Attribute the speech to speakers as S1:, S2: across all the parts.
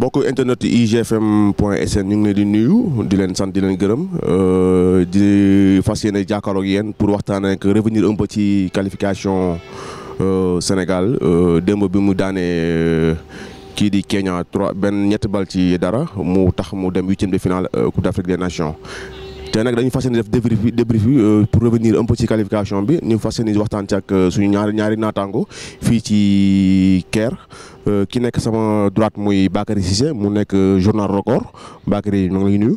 S1: mbokk internet igfm point sn ñu ngi leen di nuyu di leen sant di leen gërëm euh, di fas yéene jàkkaarloog yéen pour waxtaan ak revenir un peu ci qualification euh, Sénégal euh, démb bi mu daanee kii di Kenya trois benn ñetti bal ci dara mu tax mu dem huitième de finale Coupe d'Afrique des Nations te nak dañu fas def débrief débrief bi euh, pour revenir un peu ci qualification bi ñu fas waxtan ci ak euh, suñu ñaari ñaari natango fi ci Caire euh, ki nek sama droite muy Bakary Cissé mu nek journal record Bakary ñu ngi nuyu.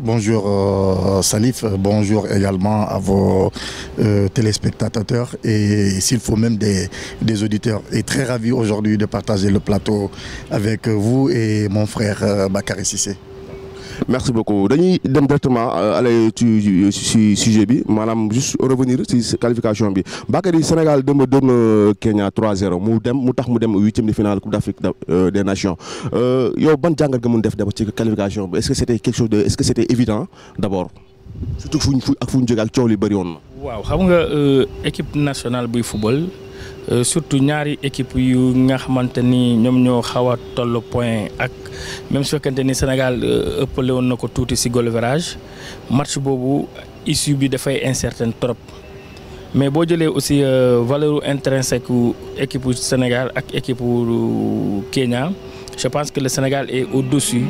S2: Bonjour euh, Salif, bonjour également à vos euh, téléspectateurs et s'il faut même des, auditeurs. Et très ravi aujourd'hui de partager le plateau avec vous et mon frère euh, Sissé
S1: merci beaucoup dañuy dem directement euh, aller tu sujet bi juste revenir sur ces qualification bi Bakary Sénégal démb doon euh, Kenya 3-0 mu dem mu tax huitième de finale Coupe d'Afrique euh, des Nations yow ban jangal nga def d'abord ci qualification est-ce que c'était quelque chose de est-ce que c'était évident d'abord surtout fou ñu fu ak fu ñu jógee ak coow
S3: li équipe nationale de football surtout ñaari équipe yu nga xamante nyom nyom ñoo xaw point ak même si le le Sénégal euh, a woon tout ko tuuti si goal match bobu issue bi dafay incertain trop mais boo jëlee aussi euh, valeur intrinsèque équipe du Sénégal et équipe du Kenya je pense que le Sénégal est au-dessus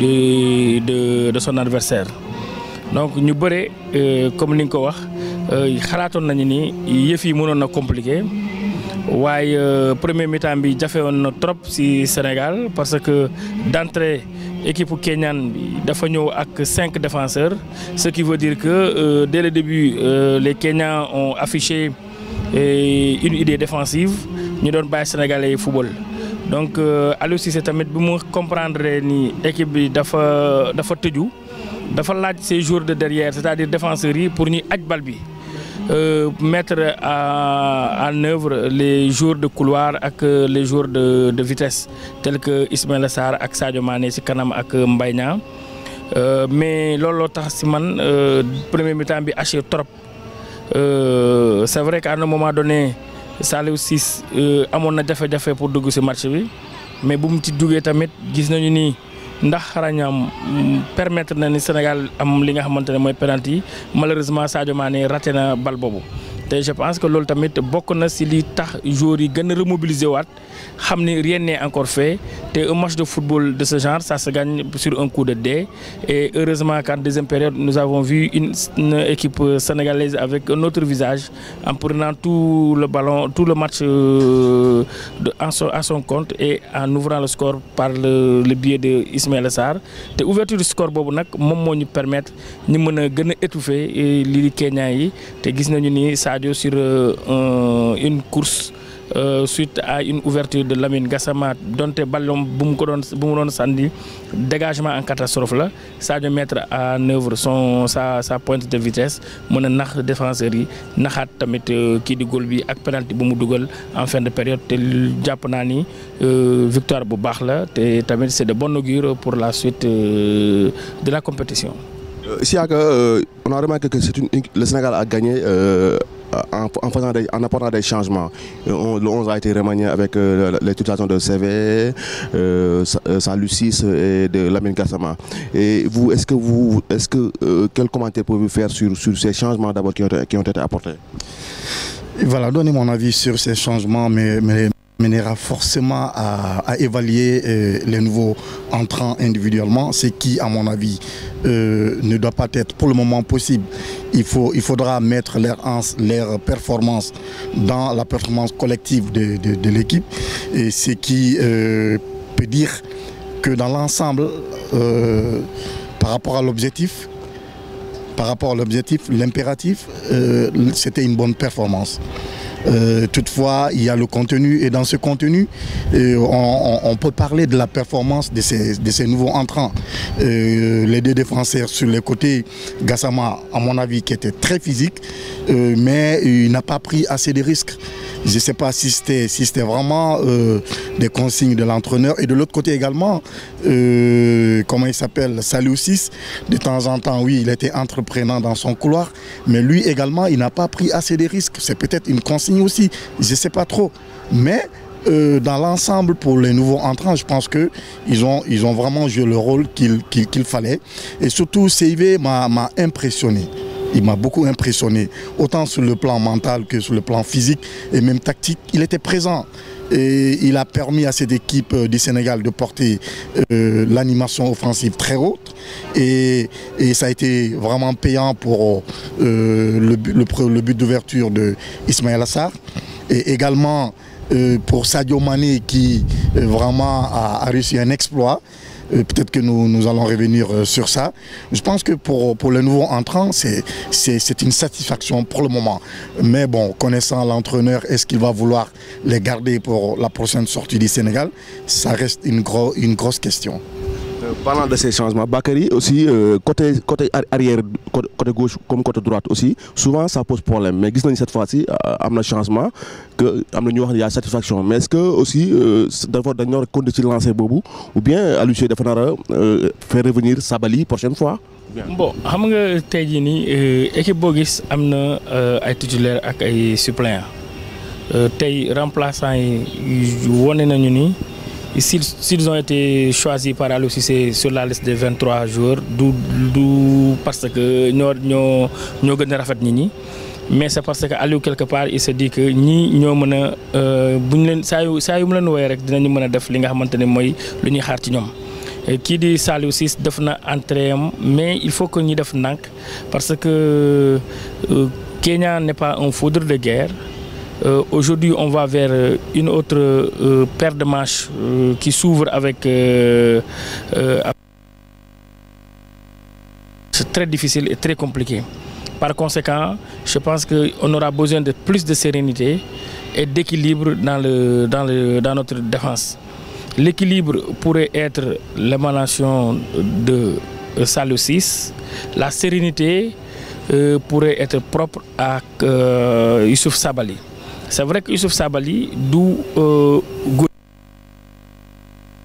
S3: de de de son adversaire donc nous euh, comme nous nga ko wax euh, xalaatoon nañu ni compliqué le euh, premier mi-temps fait fait une trop si Sénégal parce que d'entrée équipe kenyane bi fait cinq défenseurs ce qui veut dire que euh, dès le début euh, les Kenyans ont affiché une idée défensive ñu le sénégalais football. donc si c'est tamit bu comprendre ni équipe bi dafa dafa dafa laaj ces jours de derrière c'est-à-dire défenseurs pour nous, aj euh, mettre en œuvre les jours de couloir et euh, les jours de, vitesse tels que Ismaël Sarr Aksa Sadio Mané Sikanam et euh, mais lolo tax ci premier mi-temps bi acheté trop c'est vrai qu'à un moment donné allait aussi... a na jafe pour dugg ce match mais si on a fait tamit gis ni. ndax xarañam mm, permettre na ni Sénégal am li nga xamante ne mooy penalty malheureusement Sadio Mané raté na bal boobu je pense que l'ultimate tamit bokk na li tax joueurs yi remobiliser waat rien n'est encore fait un match de football de ce genre ça se gagne sur un coup de dé et heureusement qu'en deuxième période nous avons vu une, équipe sénégalaise avec un autre visage en prenant tout le ballon tout le match euh, en son, à son compte et en ouvrant le score par le, biais de Ismaël Sarr ouverture du score c'est nak qui permet ñu permettre étouffer euh, li Kenya yi gis nañu ni sur euh, une course euh, suite à une ouverture de Lamine Gassama le ballon bu mu dégagement en catastrophe ça Sadio mettre en œuvre son sa sa pointe de vitesse mon a défenseurie, défenseurs yi naxaat tamit euh, kii di góol bi ak penalty en fin de période te japonani, victoire bu là, tamit c'est de bon augure pour la suite de la compétition.
S1: Ici, on a remarqué que le Sénégal a gagné. Euh, en, en, faisant des, en apportant des changements. Euh, on, le 11 a été remanié avec euh, les l'utilisation de CV, euh, lucis et de Lamine Gassama. Et vous, est-ce que vous, est-ce que, quel commentaire pouvez-vous faire sur, sur ces changements d'abord qui, ont été apportés
S2: Voilà, donnez mon avis sur ces changements, mais, mais menera forcément à, évaluer euh, les nouveaux entrants individuellement, ce qui, à mon avis, euh, ne doit pas être pour le moment possible. Il, faut, il faudra mettre leur, performance dans la performance collective de, l'équipe, et ce qui euh, peut dire que dans l'ensemble, par rapport à l'objectif, par rapport à l'objectif, l'impératif, c'était une bonne performance. Euh, toutefois, il y a le contenu et dans ce contenu, euh, on, peut parler de la performance de ces, nouveaux entrants. Euh, les deux défenseurs sur les côtés, Gassama, à mon avis, qui était très physique, euh, mais il n'a pas pris assez de risques. Je ne sais pas si c'était vraiment euh, des consignes de l'entraîneur. Et de l'autre côté également, euh, comment il s'appelle Salut 6, de temps en temps, oui, il était entreprenant dans son couloir, mais lui également, il n'a pas pris assez de risques. C'est peut-être une consigne aussi, je ne sais pas trop. Mais euh, dans l'ensemble pour les nouveaux entrants, je pense qu'ils ont, ils ont vraiment joué le rôle qu'il fallait. Et surtout, CIV m'a impressionné il m'a beaucoup impressionné, autant sur le plan mental que sur le plan physique et même tactique. Il était présent et il a permis à cette équipe euh, du Sénégal de porter euh, l'animation offensive très haute et, ça a été vraiment payant pour euh, le, but d'ouverture d'Ismaël Assar et également pour Sadio Mané qui vraiment a réussi un exploit. Peut-être que nous, nous, allons revenir euh, sur ça. Je pense que pour, pour le nouveau entrant, c'est une satisfaction pour le moment. Mais bon, connaissant l'entraîneur, est-ce qu'il va vouloir les garder pour la prochaine sortie du Sénégal Ça reste une, une grosse question.
S1: Euh, parlant de ces changements Bakary aussi euh, côté côté arrière côté gauche comme côté droite aussi souvent ça pose problème mais cette fois-ci il euh, y changement que changements, il y a satisfaction mais est-ce que aussi d'abord il y a de lancer Bobo, ou bien à Cissé il faut faire revenir la prochaine fois.
S3: bon xam nga tey jii l'équipe équipe a gis titulaire et suppléant, titulaires ak ay suppléants remplaçants yi wane nañu s'ils ont été choisis par Alou sur la liste des 23 jours, d'où parce que nous de choses. mais c'est parce que Aliou quelque part il se dit que nous nous mën a euh, bu ñu leen nous des choses. nous mu leen wooyee rek dinañu mën a def li mais il faut que nous def fassions, parce que euh, Kenya n'est pas un foudre de guerre. Euh, aujourd'hui, on va vers euh, une autre euh, paire de matchs qui s'ouvre avec... c'est très difficile et très compliqué. Par conséquent, je pense qu'on aura besoin de plus de sérénité et d'équilibre dans, notre défense. L'équilibre pourrait être l'émanation de Salou 6. La sérénité pourrait être propre à Youssouf Sabali. C'est vrai que Youssouf Sabali, d'où euh,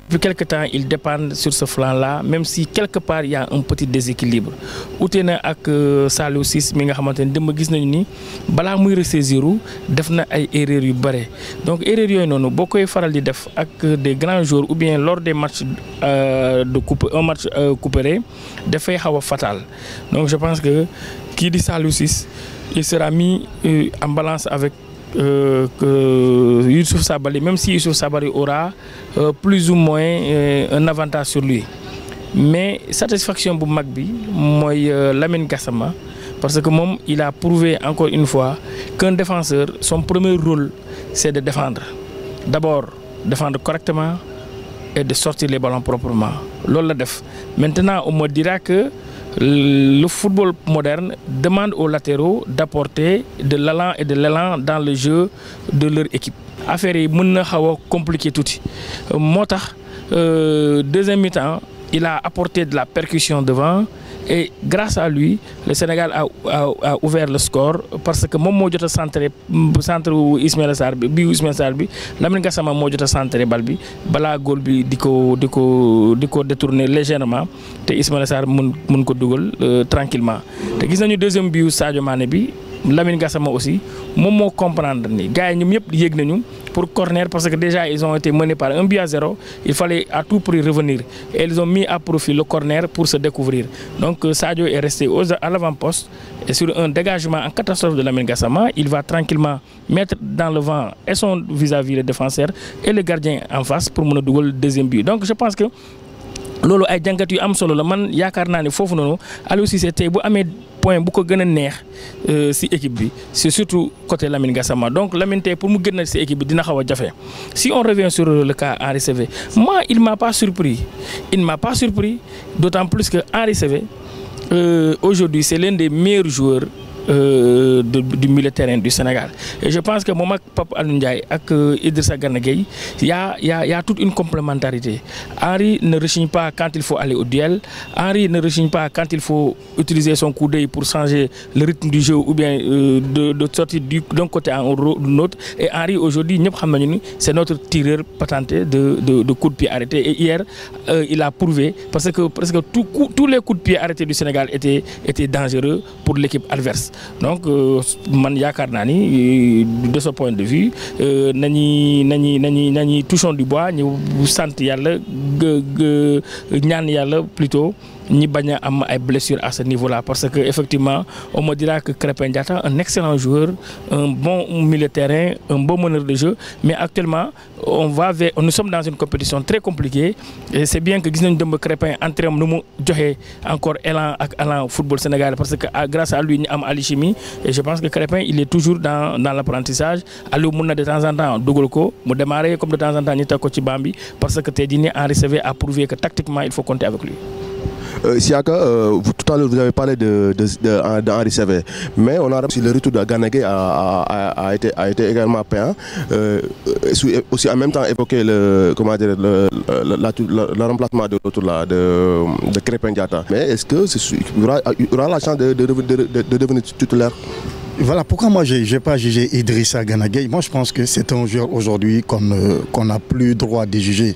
S3: depuis quelque temps, il dépend sur ce flanc-là, même si quelque part il y a un petit déséquilibre. Outena avec euh, Salou 6 mi nga xamantene dem gis nañu ni bala muy ressaisir def na ay erreurs yu bare. Donc erreur yoy nonu bokoy faral di def ak des grands jours ou bien lors des matchs euh, de coupe un match euh, coupé de fay xawa fatal. Donc je pense que qui dit Salou 6 il sera mis euh, en balance avec euh, que Youssouf Sabali, même si Youssouf Sabali aura euh, plus ou moins euh, un avantage sur lui. Mais satisfaction pour Magbi, moi, l'amène Kassama, parce que moi, il a prouvé encore une fois qu'un défenseur, son premier rôle, c'est de défendre. D'abord, défendre correctement et de sortir les ballons proprement. Maintenant, on me dira que le football moderne demande aux latéraux d'apporter de l'allant et de l'élan dans le jeu de leur équipe. Affaire est compliquée tout. Motar, euh, deuxième mi-temps, il a apporté de la percussion devant et grâce à lui le Sénégal a ouvert le score parce que moom centre Ismaël Sarr bi Ismaël Ismaïla l'Amérique bi Lamine Gassama centré Balbi, bi bi détourner légèrement et Ismaël mon ko euh, tranquillement te gis nañu deuxième but, Sadio Mané bi aussi comprendre ni gars pour corner parce que déjà ils ont été menés par un but à zéro. Il fallait à tout prix revenir. Et ils ont mis à profit le corner pour se découvrir. Donc euh, Sadio est resté aux, à l'avant-poste et sur un dégagement en catastrophe de la Gassama, il va tranquillement mettre dans le vent et son vis-à-vis les défenseurs et le gardien en face pour mener le deuxième but. Donc je pense que lolu ay jàngat yu am solo la man yaakaar naa ne foofu noonu Aliou Cissé tay bu amé point bu ko si neex euh ci équipe bi c'est surtout côté Lamine Gassama donc Lamine tey pour mu gëna si équipe bi dina xawa a si on revient sur le cas Henri moi il m'a pas surpris il m'a pas surpris d'autant plus que Henri euh, aujourd'hui c'est l'un des meilleurs joueurs euh, du milieu terrain du Sénégal. Et je pense que Momak Pap Ndiaye et euh, Idrissa Gana il y a, y, y a, toute une complémentarité. Henri ne rechigne pas quand il faut aller au duel, Henri ne rechigne pas quand il faut utiliser son coup d'œil pour changer le rythme du jeu ou bien euh, de, de, sortir d'un côté à un autre. Et Henri aujourd'hui, c'est notre tireur patenté de, de, de, coups de pied arrêtés. Et hier, il a prouvé parce que presque tous les coups de pied arrêtés du Sénégal étaient, étaient dangereux pour l'équipe adverse donc euh, man yaakaar ni euh, de ce point de vue nani, nani, nani, nani touchons du bois ñu sant yàlla ñaan yàlla plutôt ni baña am ay blessures à ce niveau là parce que effectivement on me dira que Crépin est un excellent joueur un bon milieu de terrain un bon meneur de jeu mais actuellement on va nous sommes dans une compétition très compliquée et c'est bien que gis de Crépin en nous, nu encore élan ak élan football sénégalais parce que ah, grâce à lui nous am Alchimie et je pense que Crépin il est toujours dans dans l'apprentissage Aliou mun de temps en temps dugal ko démarrer comme de temps en temps Nita Kochi ko parce que tey a à à prouver que tactiquement il faut compter avec lui.
S1: Euh, Siaka, euh, tout à l'heure, vous avez parlé d'Henri de, de, mais on a aussi le retour de Ganege a, été, a été également peint. Euh, aussi en même temps évoqué le, comment dire, le, le, remplacement de l'autre de, de Mais est-ce qu'il y, aura, la chance de, de
S2: devenir titulaire voilà pourquoi moi je n'ai pas jugé Idrissa Ganagay. Moi je pense que c'est un joueur aujourd'hui euh, qu'on n'a plus droit de juger.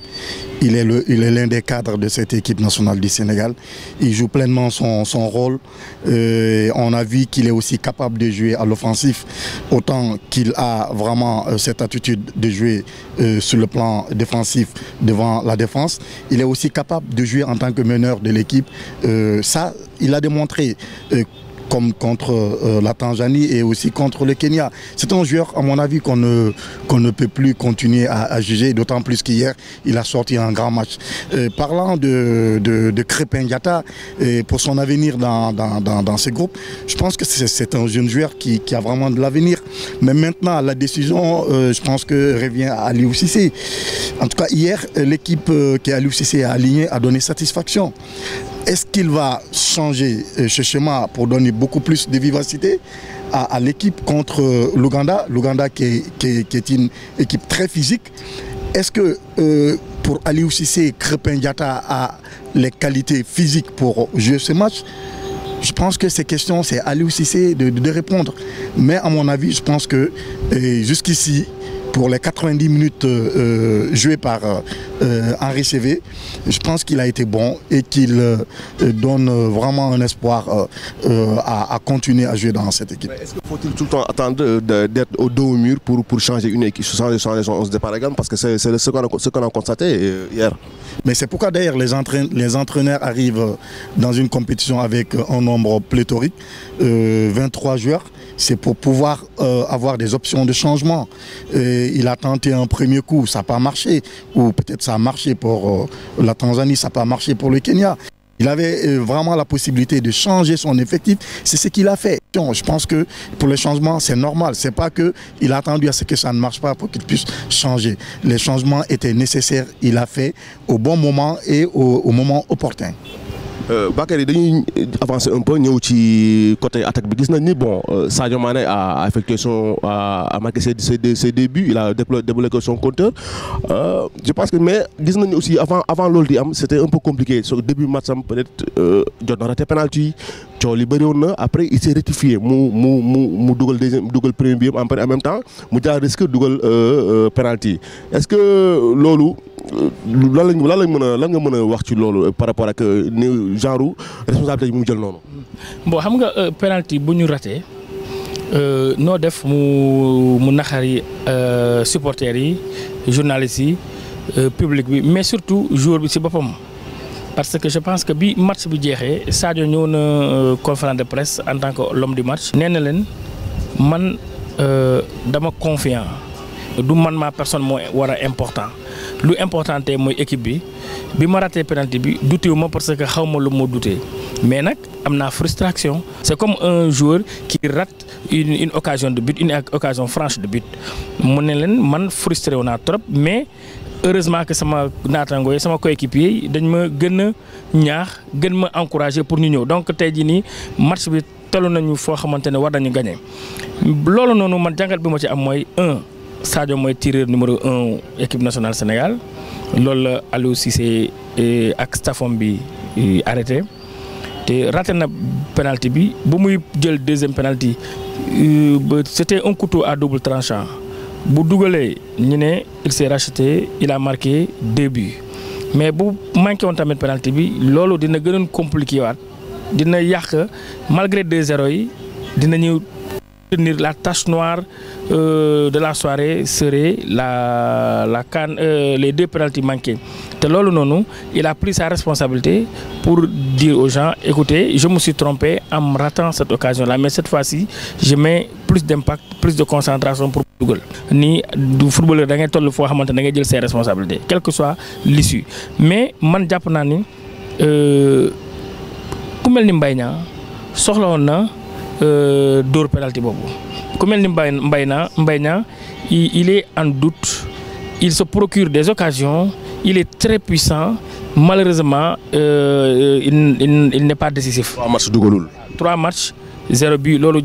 S2: Il est l'un des cadres de cette équipe nationale du Sénégal. Il joue pleinement son, rôle. Euh, on a vu qu'il est aussi capable de jouer à l'offensif, autant qu'il a vraiment euh, cette attitude de jouer sur le plan défensif devant la défense. Il est aussi capable de jouer en tant que meneur de l'équipe. ça, il a démontré comme contre euh, la Tanzanie et aussi contre le Kenya. C'est un joueur, à mon avis, qu'on ne, qu'on ne peut plus continuer à, juger, d'autant plus qu'hier, il a sorti un grand match. Euh, parlant de, de, de et euh, pour son avenir dans, dans, dans, ce groupe, je pense que c'est un jeune joueur qui, a vraiment de l'avenir. Mais maintenant, la décision, je pense que revient à l'UCC. En tout cas, hier, l'équipe qui est Aliou a alignée a donné satisfaction. Est-ce qu'il va changer euh, ce schéma pour donner beaucoup plus de vivacité à, l'équipe contre euh, l'Ouganda L'Ouganda qui, est une équipe très physique. Est-ce que euh, pour Aliou Sissé, Crepin a les qualités physiques pour jouer ce match je pense que ces questions, c'est à aussi de, répondre. Mais à mon avis, je pense que jusqu'ici, pour les 90 minutes euh, euh, jouées par euh, Henri Cévé. Je pense qu'il a été bon et qu'il euh, donne vraiment un espoir à, continuer à jouer dans cette équipe. Est-ce qu'il
S1: faut-il tout le temps attendre d'être au dos au mur pour, pour changer une équipe, changer, changer les 11 de Parce que c'est ce qu'on a, constaté hier.
S2: Mais c'est pourquoi d'ailleurs les, entraîneurs arrivent dans une compétition avec un nombre pléthorique, 23 joueurs. C'est pour pouvoir avoir des options de changement il a tenté un premier coup, ça n'a pas marché. Ou peut-être ça a marché pour euh, la Tanzanie, ça n'a pas marché pour le Kenya. Il avait euh, vraiment la possibilité de changer son effectif. C'est ce qu'il a fait. Je pense que pour les changements, c'est normal. C'est pas que il a attendu à ce que ça ne marche pas pour qu'il puisse changer. Les changements étaient nécessaires. Il a fait au bon moment et au moment opportun.
S1: Euh, Bakary dañuy avancer un peu ñeu ci côté attaque bi gis nañ ni bon euh, Sadio Mané a effectué son a marqué ses ses débuts il a débloqué son compteur euh, je pense que mais gis nañ aussi avant avant lolu di am c'était un peu compliqué so début match am peut être jot na raté penalty yi coow li na après il s'est rectifié mu mu mu mu dougal deuxième premier bi en même temps mu jaar risque dugal penalty est ce que lolu lan lañ lan lañ mën a lan nga mën wax ci loolu par rapport ak euh, ni genre responsabilité bi mu jël noonu.
S3: bon xam nga euh, penalty bu ñu raté euh, noo def mu mu les supporters yi journalistes le public bi mais surtout joueur bi ci boppam. parce que je pense que bi match bi jeexee Sadio ñëw na conférence de presse en tant que l'homme du match. Je suis leen dama confiant du man ma personne moo war important lu est mon équipe bi bi ma raté penalty bi douté parce que xawma lu mo douté mais nak amna frustration. C'est comme un joueur qui rate une une occasion de but une occasion franche de but mu ne man frustré wu trop mais heureusement que sama natango sama coéquipier yi dañ ma gëna ñaax gën ma encourager pour ñu ñëw donc tey ni match bi tollu nañu fo xamante war nañu gagner. Lolu nonu man jangal bi ma ci am moy un. Sadio mooy tireur numéro un équipe nationale Sénégal Lolo a Aliou Cissé eh, ak staffam bi eh, arrêté Té raté na penalty bi bu muy jël deuxième penalty eh, c'était un couteau à double tranchant bu dougalé ñu ne il s'est racheté il a marqué deux buts mais bu manqué on tamit penalty bi loolu dina gënoon compliqué wat. dina malgré deux zéro yi ñu la tache noire euh, de la soirée serait la, euh, les deux penalty manqués. il a pris sa responsabilité pour dire aux gens, écoutez, je me suis trompé en me ratant cette occasion-là, mais cette fois-ci, je mets plus d'impact, plus de concentration pour Google. Ni du footballeur, il ses responsabilités, quelle que soit l'issue. Mais, man japonani, euh, comme euh, d'or penalty Combien ku mel Mbayna Mbayna il est en doute il se procure des occasions il est très puissant malheureusement euh, il, n'est pas décisif. trois matchs trois matchs zéro but lolu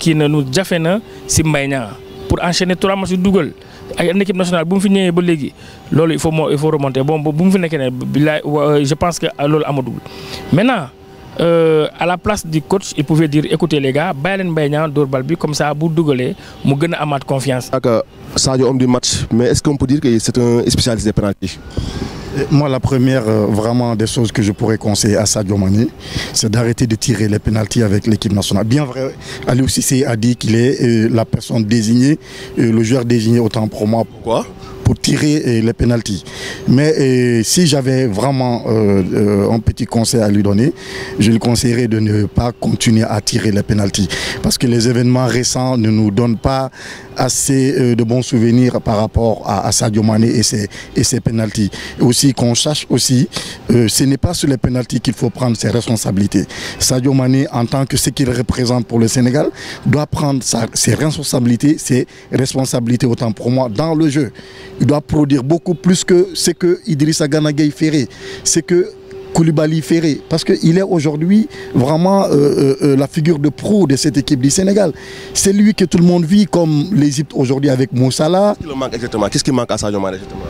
S3: qui euh, nous a nu fait si Mbayna pour enchaîner trois matchs dugal. ay une équipe nationale si mu ba il faut il faut remonter bon je pense que mon double. maintenant euh, à la place du coach il pouvait dire écoutez les gars comme ça à mu un a confiance. Euh,
S1: Sadio homme du match mais est-ce qu'on peut dire que c'est un spécialiste des pénaltys.
S2: Euh, moi, la première vraiment des choses que je pourrais conseiller à Sadio Mané, c'est d'arrêter de tirer les pénalties avec l'équipe nationale. Bien vrai, Ali a dit qu'il est la personne désignée, le joueur désigné autant pour moi. Pourquoi pour tirer les pénalties. Mais si j'avais vraiment euh, euh, un petit conseil à lui donner, je lui conseillerais de ne pas continuer à tirer les pénalties. Parce que les événements récents ne nous donnent pas assez euh, de bons souvenirs par rapport à, Sadio Mane et ses, et ses Aussi qu'on sache aussi, ce n'est pas sur les pénalties qu'il faut prendre ses responsabilités. Sadio Mane, en tant que ce qu'il représente pour le Sénégal, doit prendre ses responsabilités, ses responsabilités autant pour moi dans le jeu il doit produire beaucoup plus que ce que Idrissa Ganagay ferait, ce que Koulibaly ferait. parce qu'il est aujourd'hui vraiment euh, euh, euh, la figure de pro de cette équipe du Sénégal. C'est lui que tout le monde vit, comme l'Égypte aujourd'hui avec Moussala.
S1: Qu'est-ce qui manque à Sadio Mané exactement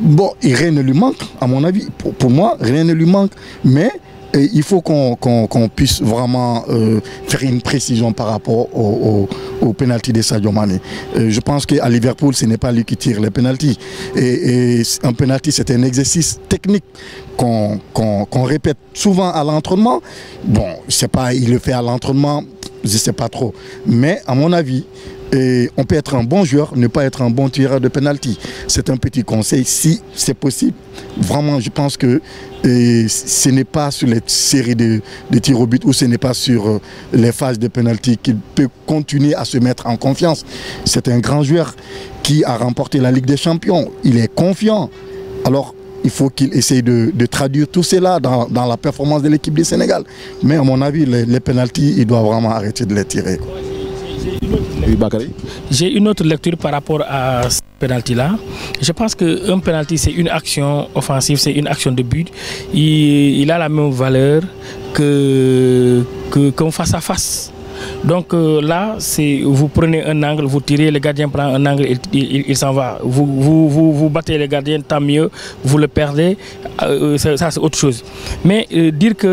S2: Bon, rien ne lui manque, à mon avis. Pour, pour moi, rien ne lui manque. Mais il faut qu'on puisse vraiment euh, faire une précision par rapport au, au, de Sadio Mane. Euh, je pense qu'à Liverpool, ce n'est pas lui qui tire les pénaltys. Et, un pénalty, c'est un exercice technique qu'on répète souvent à l'entraînement. Bon, je sais pas, il le fait à l'entraînement, je ne sais pas trop. Mais à mon avis, euh, on peut être un bon joueur, ne pas être un bon tireur de pénalty. C'est un petit conseil si c'est possible vraiment, je pense que euh, ce n'est pas sur les séries de, de tirs au but ou ce n'est pas sur euh, les phases de pénalty qu'il peut continuer à se mettre en confiance. C'est un grand joueur qui a remporté la Ligue des Champions. Il est confiant. Alors, il faut qu'il essaye de, traduire tout cela dans, dans la performance de l'équipe du Sénégal. Mais à mon avis, les, les il doit vraiment arrêter de les tirer.
S3: J'ai une autre lecture par rapport à penalty là. Je pense qu'un penalty, c'est une action offensive, c'est une action de but. Il, a la même valeur que face-à-face. Donc euh, là, là, vous prenez un angle, vous tirez, le gardien prend un angle, il, il, s'en va. Vous vous, vous, battez le gardien, tant mieux, vous le perdez, euh, euh, ça, c'est autre chose. Mais dire qu'il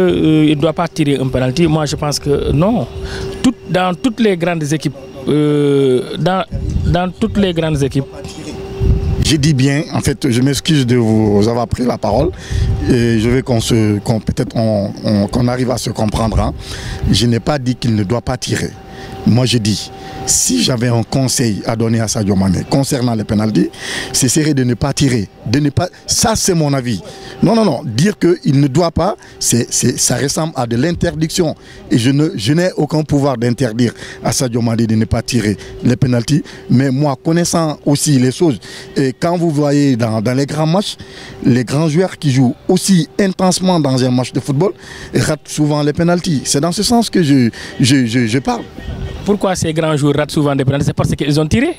S3: ne doit pas tirer un penalty, moi je pense que non. Tout, dans toutes les grandes équipes, dans dans toutes les grandes équipes.
S2: J'ai dit bien, en fait, je m'excuse de vous avoir pris la parole et je veux qu'on se, peut-être qu'on arrive à se comprendre. Hein. Je n'ai pas dit qu'il ne doit pas tirer. Moi, je dis, si j'avais un conseil à donner à Sadio Mané concernant les pénalties, c'est serait de ne pas tirer. De ne pas... Ça, c'est mon avis. Non, non, non. Dire qu'il ne doit pas, c'est, ça ressemble à de l'interdiction. Et je n'ai aucun pouvoir d'interdire à Sadio Mané de ne pas tirer les pénalties. Mais moi, connaissant aussi les choses, et quand vous voyez dans, les grands matchs, les grands joueurs qui jouent aussi intensement dans un match de football ratent souvent les pénalties. C'est dans ce sens que je, je parle.
S3: Pourquoi ces grands joueurs ratent souvent des pénalités C'est parce qu'ils ont tiré.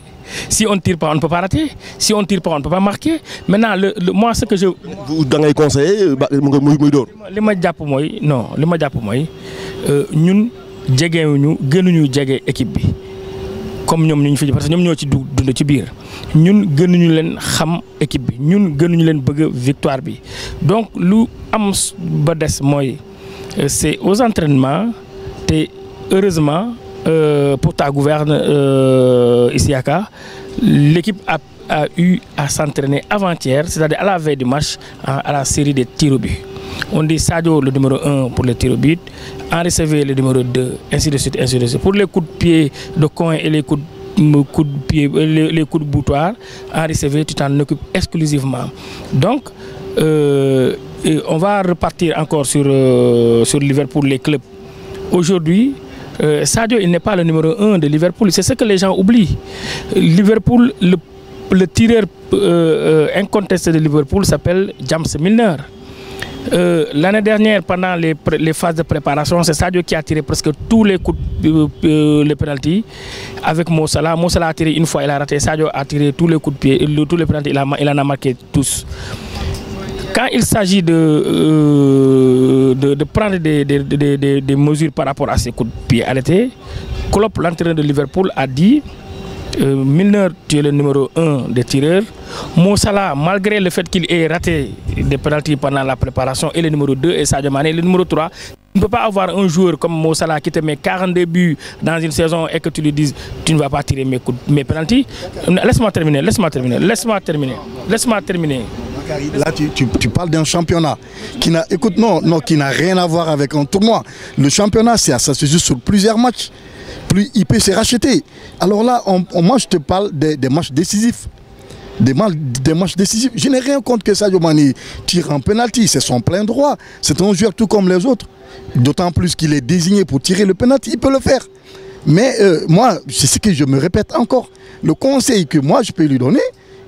S3: Si on ne tire pas, on ne peut pas rater. Si on ne tire pas, on ne peut pas marquer. Maintenant, le, moi, ce que je... Vous avez pour moi, non. Le nous, nous, nous, équipe. comme nous, nous, nous nous, nous, nous, nous, ñoo nous Nous, nous, nous nous équipe Nous, Nous, nous nous, bëgg victoire donc nous, am ba euh, c'est aux entraînements Et heureusement euh, pour ta gouverne euh, K. l'équipe a, eu à s'entraîner avant-hier, c'est-à-dire à la veille du match, hein, à, la série des tirs au but. On dit Sadio le numéro 1 pour les tirs au but, Henri le numéro 2, ainsi de suite, ainsi de suite. Pour les coups de pied de coin et les coups de mm, pied, euh, les, coups de boutoir, Henri recevoir, tu t'en occupes exclusivement. Donc, euh, on va repartir encore sur, l'hiver pour les clubs. Aujourd'hui, euh, Sadio, il n'est pas le numéro 1 de Liverpool. C'est ce que les gens oublient. Liverpool, le, tireur euh, euh, incontesté de Liverpool s'appelle James Milner. L'année dernière, pendant les, phases de préparation, c'est Sadio qui a tiré presque tous les coups, de, les penalties avec Mossala. Moussala a tiré une fois, il a raté. Sadio a tiré tous les coups de pied, tous les il, en a marqué tous. Quand il s'agit de de, prendre des, des, des, des, mesures par rapport à ses coups de pied arrêtés. Klopp, l'entraîneur de Liverpool, a dit euh, Milner, tu es le numéro 1 des tireurs. Moussala, malgré le fait qu'il ait raté des pénalties pendant la préparation, est le numéro 2 et Sadio Mané, le numéro 3. Tu ne peux pas avoir un joueur comme Moussala qui te met 42 buts dans une saison et que tu lui dises tu ne vas pas tirer mes, coups, mes pénalties. Laisse-moi terminer, laisse-moi terminer, laisse-moi terminer, laisse-moi terminer. Là, tu, parles d'un championnat qui n'a, écoute, non, non, qui n'a rien à voir avec un tournoi. Le championnat,
S2: c'est ça sur plusieurs matchs. Plus il peut se racheter. Alors là, moi, je te parle des, matchs décisifs. Des, matchs décisifs. Je n'ai rien contre que Sadio Mani tire un penalty, c'est son plein droit. C'est un joueur tout comme les autres. D'autant plus qu'il est désigné pour tirer le penalty, il peut le faire. Mais euh, moi, c'est ce que je me répète encore. Le conseil que moi je peux lui donner,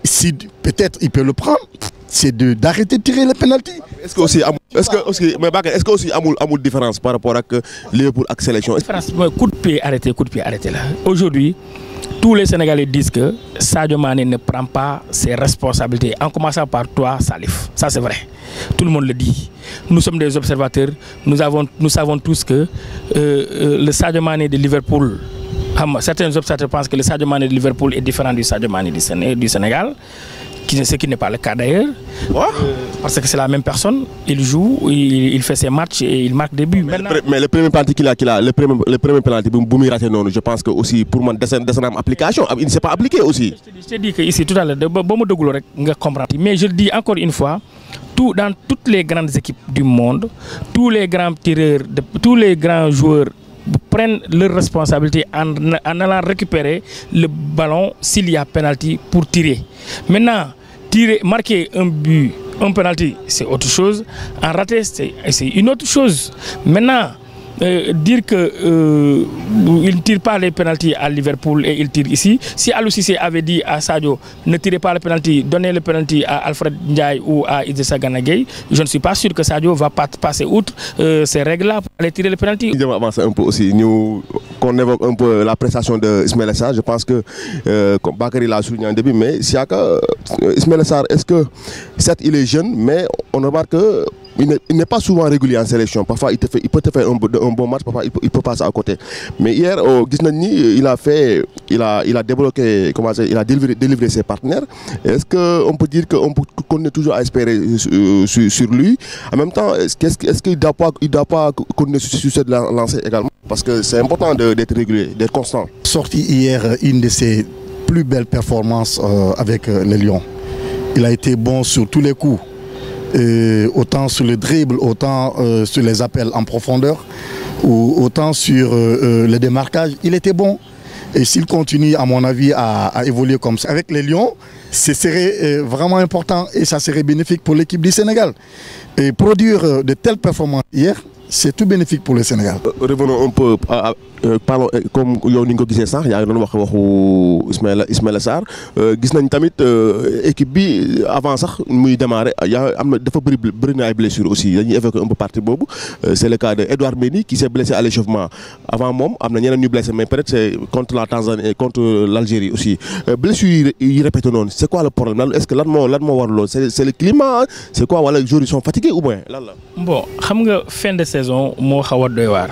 S2: si peut-être il peut le prendre, c'est d'arrêter de
S1: tirer les pénalties. est-ce que aussi a est-ce que aussi mais est-ce que aussi différence par rapport que euh, Liverpool accélération.
S3: sélection. différence coup de pied arrêté coup de pied arrêté là. aujourd'hui tous les Sénégalais disent que Sadio Mané ne prend pas ses responsabilités en commençant par toi Salif ça c'est vrai tout le monde le dit nous sommes des observateurs nous avons nous savons tous que euh, euh, le Sadio Mané de Liverpool. certains observateurs pensent que le Sadio Mané de Liverpool est différent du Sadio Mané du Sénégal ce qui n'est pas le cas d'ailleurs. Euh, parce que c'est la même personne, il joue, il, fait ses matchs et il marque des buts. Mais, le, mais le, premier penalty qu'il
S1: a, le premier, le premier penalty, je pense que aussi pour moi, c'est une application, il ne s'est pas appliqué
S3: aussi. Je te dis que tout à l'heure, mais je le dis encore une fois, tout, dans toutes les grandes équipes du monde, tous les grands tireurs, tous les grands joueurs prennent leurs responsabilités en, allant récupérer le ballon s'il y a penalty pour tirer. Maintenant, tirer, marquer un but, un penalty, c'est autre chose. En raté, c'est une autre chose. Maintenant, euh, dire que euh, il ne tire pas les pénalties à Liverpool et il tire ici. Si Alou avait dit à Sadio ne tirez pas les penalty donnez le penalty à Alfred Ndiaye ou à Idrissa Ganagay, je ne suis pas sûr que Sadio va pas passer outre euh, ces règles-là pour aller tirer le il J'aimerais avancer
S1: un peu aussi. Nous, qu'on évoque un peu la prestation de Ismaël Essar, je pense que comme Bakary l'a souligné en début, mais Siaka, Ismaël Essar, est-ce que certes il est jeune, mais on remarque que il n'est pas souvent régulier en sélection. Parfois, il, te fait, il peut te faire un, bon match, parfois, il peut, passer à côté. Mais hier, au oh, Gisnani, il a fait, il a, il a débloqué, comment il a délivré, ses partenaires. Est-ce qu'on peut dire qu'on est toujours à espérer euh, euh, sur, lui En même temps, est-ce qu'il ne doit pas, il doit pas sur cette lancée également Parce que c'est important d'être régulier, d'être constant.
S2: Sorti hier euh, une de ses plus belles performances avec les Lions. Il a été bon sur tous les coups autant sur le dribble, autant euh, sur les appels en profondeur, ou autant sur euh, euh, le démarquage, il était bon. Et s'il continue, à mon avis, à, à évoluer comme ça, avec les Lions, ce serait euh, vraiment important et ça serait bénéfique pour l'équipe du Sénégal. Et produire euh, de telles performances hier, c'est tout bénéfique pour le Sénégal. Euh,
S1: revenons un peu, à, parlons, comme Yoningo disait ça, il y a un Ismaël, Ismaël Assar. Gis nañ tamit équipe bi avant sax muy démarrer y a eu des dafa bëri bëri blessures aussi a un peu partie Bobo. c'est le cas d'Edouard Edouard qui s'est blessé à l'échauffement avant il am na ñeneen ñu blessé mais peut-être contre la Tanzanie contre l'Algérie aussi blessures il répété non c'est quoi le problème est-ce que lan moo là c'est le climat hein? c'est quoi voilà, les joueurs ils sont fatigués ou bien
S3: Bon, je bon xam nga fin de saison suis en train doy waar.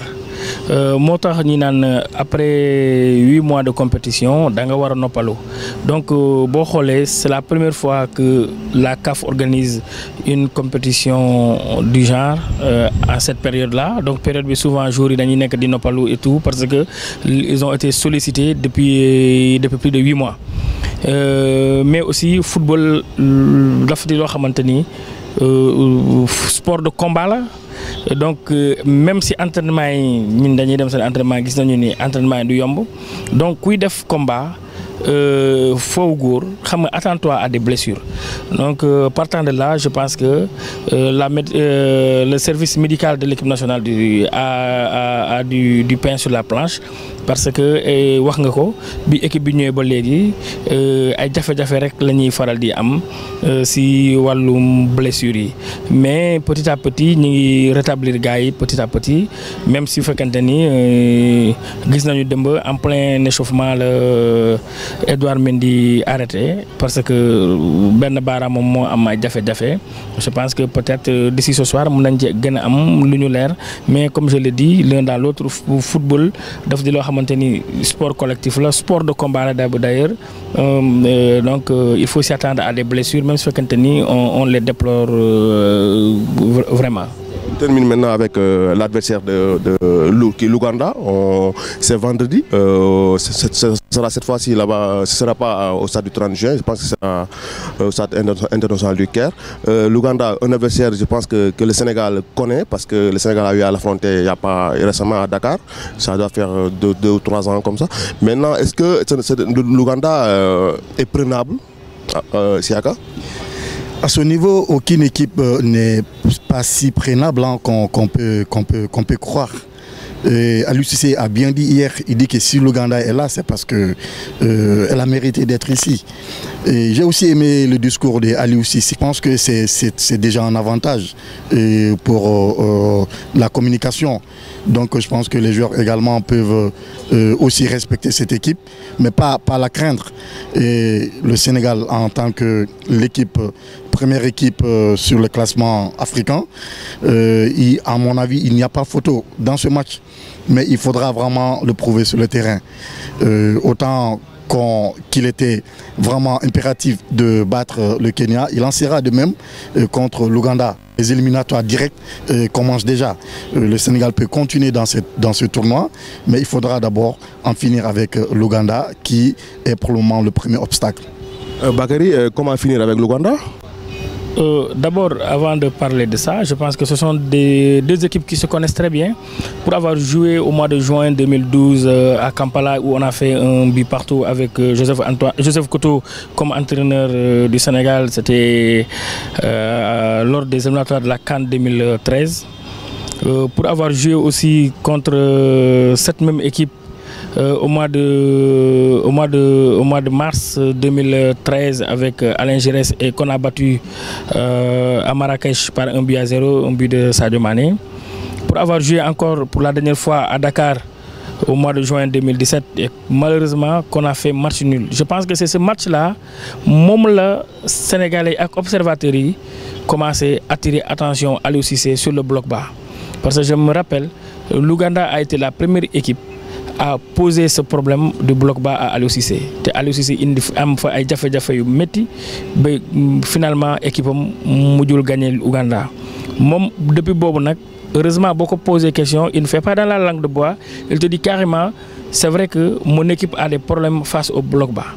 S3: Euh, euh, après 8 mois de compétition da donc euh, c'est la première fois que la CAF organise une compétition du genre à cette période là donc période où souvent jour et tout parce que ils ont été sollicités depuis depuis plus de 8 mois mais aussi football sport de combat donc euh, même si entraînement est ñun dañuy entraînement gis nañu ni entraînement du yomb donc kuy def combat il euh, faut xam attends-toi à des blessures donc euh, partant de là je pense que le service médical de l'équipe nationale a du pain sur la planche parce que eh, wax nga ko bi équipe bi ñëwee ba euh ay jafé jafé rek la ñuy faral di am eh, si wàllum blessure yi mais petit à petit ñi ngi rétablir gars petit à petit même si fekkante ni gis nañu dëmb en plein échauffement le Edouard Mendy arrêté parce que ben a mo am ay jafé je pense que peut-être d'ici ce soir mën nañ cee a am lu ñu mais comme je l'ai dit l'un dans l'autre football daf di loo xamante sport collectif la sport de combat la d'ailleurs euh, euh, donc euh, il faut s'attendre à des blessures même si fekkente ni on les déplore vraiment.
S1: On termine maintenant avec euh, l'adversaire de, de, l'Ouganda. C'est vendredi. Euh, ce sera cette fois-ci là-bas. Ce ne sera pas euh, au stade du 30 juin. Je pense que c'est au stade international du Caire. L'Ouganda, un adversaire, je pense que, le Sénégal connaît parce que le Sénégal a eu à l'affronter il y a pas récemment à Dakar. Ça doit faire deux, deux ou trois ans comme ça. Maintenant, est-ce que l'Ouganda est prenable, Siaka
S2: à ce niveau, aucune équipe euh, n'est pas si prenable hein, qu'on peut, croire. Et Alucissé a bien dit hier, il dit que si l'Ouganda est là, c'est parce qu'elle euh, a mérité d'être ici. J'ai aussi aimé le discours d'Alucissé. Je pense que c'est déjà un avantage euh, pour la communication. Donc je pense que les joueurs également peuvent aussi respecter cette équipe, mais pas, pas la craindre. Et le Sénégal, en tant que l'équipe première équipe euh, sur le classement africain. Euh, à mon avis, il n'y a pas photo dans ce match, mais il faudra vraiment le prouver sur le terrain. Euh, autant qu'il était vraiment impératif de battre le Kenya, il en sera de même contre l'Ouganda. Les éliminatoires directs commencent déjà. le Sénégal peut continuer dans, ce tournoi, mais il faudra d'abord en finir avec l'Ouganda qui est pour le moment le premier obstacle.
S3: Bakary, comment finir avec l'Ouganda euh, d'abord, avant de parler de ça, je pense que ce sont des, deux équipes qui se connaissent très bien. Pour avoir joué au mois de juin 2012 euh, à Kampala, où on a fait un but partout avec euh, Joseph, Antoine, Joseph comme entraîneur du Sénégal, c'était lors des éliminatoires de la Cannes 2013. pour avoir joué aussi contre cette même équipe euh, au, mois de, euh, au, mois de, au mois de mars 2013 avec euh, Alain Gérès et qu'on a battu à Marrakech par un but à zéro, un but de Sadio Mané. Pour avoir joué encore pour la dernière fois à Dakar au mois de juin 2017 et malheureusement qu'on a fait match nul. Je pense que c'est ce match-là, momla, le Sénégalais avec Observatory commencé à attirer attention à l'UCC sur le bloc bas. Parce que je me rappelle, l'Ouganda a été la première équipe a posé ce problème du bloc bas à Aliou Cissé Et Aliou Cissé indi am fa mm, finalement l'équipe a gagné l'Ouganda. depuis boobu heureusement beaucoup posé posé question il ne fait pas dans la langue de bois il te dit carrément c'est vrai que mon équipe a des problèmes face au bloc bas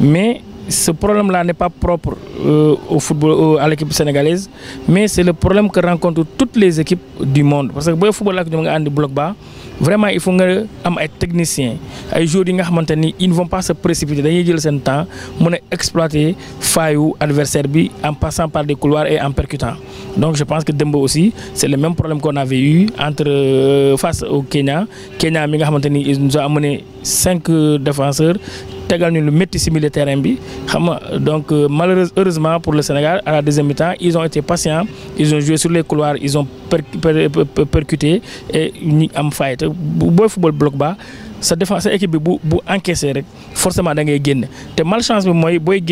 S3: mais ce problème-là n'est pas propre euh, au football, euh, à l'équipe sénégalaise, mais c'est le problème que rencontrent toutes les équipes du monde. Parce que le football est un bloc bas, vraiment il faut être technicien. techniciens, joueurs ils ne vont pas se précipiter, ils vont temps exploiter faille adversaire en passant par des couloirs et en percutant. Donc je pense que Dembo aussi, c'est le même problème qu'on avait eu entre euh, face au Kenya. Kenya, ils nous a amené 5 défenseurs tegal ñu lu le métissime bi donc euh, malheureusement pour le Sénégal à la deuxième mi-temps ils ont été patients ils ont joué sur les couloirs ils ont percuté et ils am fight boy football bloc bas sa défense sa équipe bi bu bu forcément, rek forcément da ngay guen té malchance bi mooy booy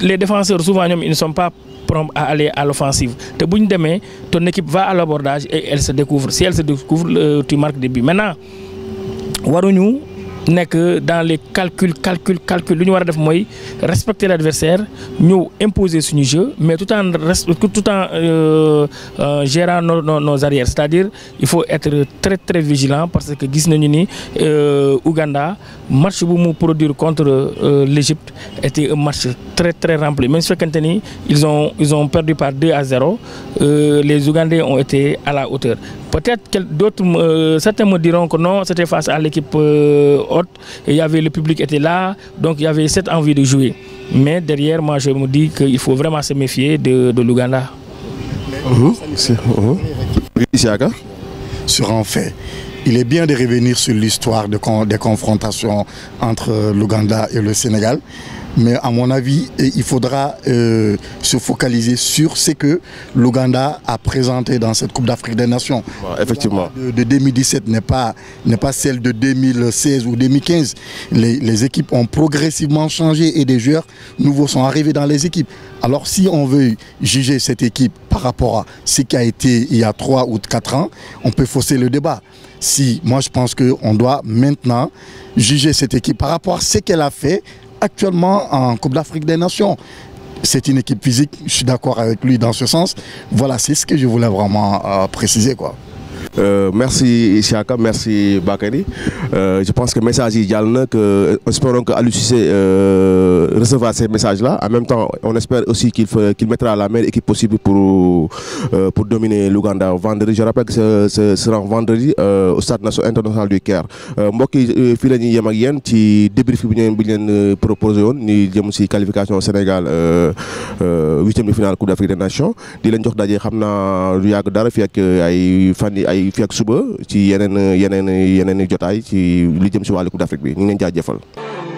S3: les défenseurs souvent ils ne sont pas prompts à aller à l'offensive té buñ démé ton équipe va à l'abordage et elle se découvre si elle se découvre tu marques des buts maintenant waruñu que dans les calculs calculs calculs Nous respecter l'adversaire nous imposer ce jeu mais tout en tout en euh, euh, gérant nos, arrières c'est-à-dire il faut être très très vigilant parce que gis nañu euh, match bu mu produire contre euh, l'Égypte était un match très très rempli même si ils ont ils ont perdu par 2 à 0 les Ougandais ont été à la hauteur Peut-être que d'autres, euh, certains me diront que non, c'était face à l'équipe euh, haute, y avait, le public était là, donc il y avait cette envie de jouer. Mais derrière, moi, je me dis qu'il faut vraiment se méfier de, de l'Ouganda.
S2: Mhm. Mhm. Sur un fait, il est bien de revenir sur l'histoire des confrontations entre euh, l'Ouganda et le Sénégal. Mais à mon avis, il faudra euh, se focaliser sur ce que l'Ouganda a présenté dans cette Coupe d'Afrique des Nations. effectivement. De, 2017 n'est pas, pas celle de 2016 ou 2015. Les, équipes ont progressivement changé et des joueurs nouveaux sont arrivés dans les équipes. Alors si on veut juger cette équipe par rapport à ce qui a été il y a 3 ou 4 ans, on peut fausser le débat. Si, moi je pense qu'on doit maintenant juger cette équipe par rapport à ce qu'elle a fait actuellement en Coupe d'Afrique des Nations. C'est une équipe physique, je suis d'accord avec lui dans ce sens. Voilà, c'est ce que je voulais vraiment euh, préciser. quoi.
S1: Euh, merci Chaka, merci Bakary. Euh, je pense que message idéal, que euh, espérons que Alucissé euh, recevra ces messages-là. En même temps, on espère aussi qu'il qu mettra la meilleure équipe possible pour, euh, pour dominer l'Ouganda vendredi. Je rappelle que ce, ce sera vendredi euh, au Stade national international du Caire. Mboki Filani Yamagien, qui débrief bien proposé, ni aussi qualification au Sénégal 8e de finale Coupe d'Afrique des Nations. Dylan Jordaje, Hamna, Ruyag que avec fan tey fii ak suba ci yeneen yeneen yeneen i jotaay ci li jëm si wàllu Coupe d'Afrique bi ñu ngi leen